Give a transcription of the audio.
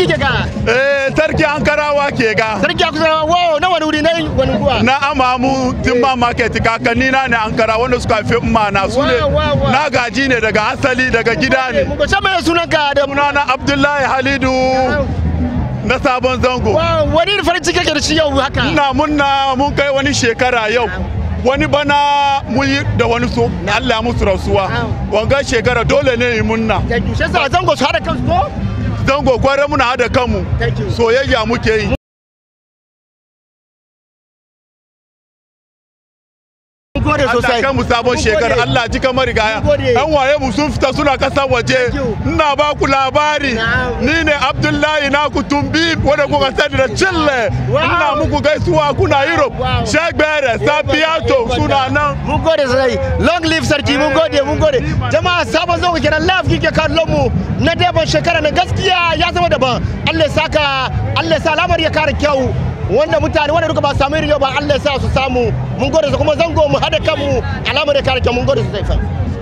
sarki ke ga eh sarki ankarawa ke ga sarki ankarawa wa na wani wuri na wani kuwa. na amamu timba eh. market kakanni na ne ankara wanda suka fi umma na su ne na gaji ne daga asali daga gida ne ko sai mai sunan ka da sunana abdullahi halidu na sabon zango wani farin ciki kake da shi yau haka ina munna mun kai wani shekara yau wani bana mun yi da wani so Allah ya musu rasuwa wanga shekara dole ne yi munna yanzu sai zango su hada kansu dango gogoron muna hada kanmu soyayya muke yi gode sosai. Allah kan mu sabon shekara Allah ji kamar rigaya. An waye mu sun fita suna kasa waje. Ina ba ku labari. Ni ne Abdullahi na ku tumbi wanda kuka sani da Chile. Ina muku gaisuwa kuna Europe. Sheikh Bere, Sabiato suna nan. Mun gode sosai. Long live sarki mu gode mun gode. Jama'a sabon zo ku kenan live kike kallon mu na daban shekara na gaskiya ya zama daban. Allah ya saka Allah sa lamar ya kare kyau. wanda mutane wanda duka ba samu irin ba Allah ya sa su samu mun gode su kuma zango mu hada kanmu alamar da kare mun gode su sai fa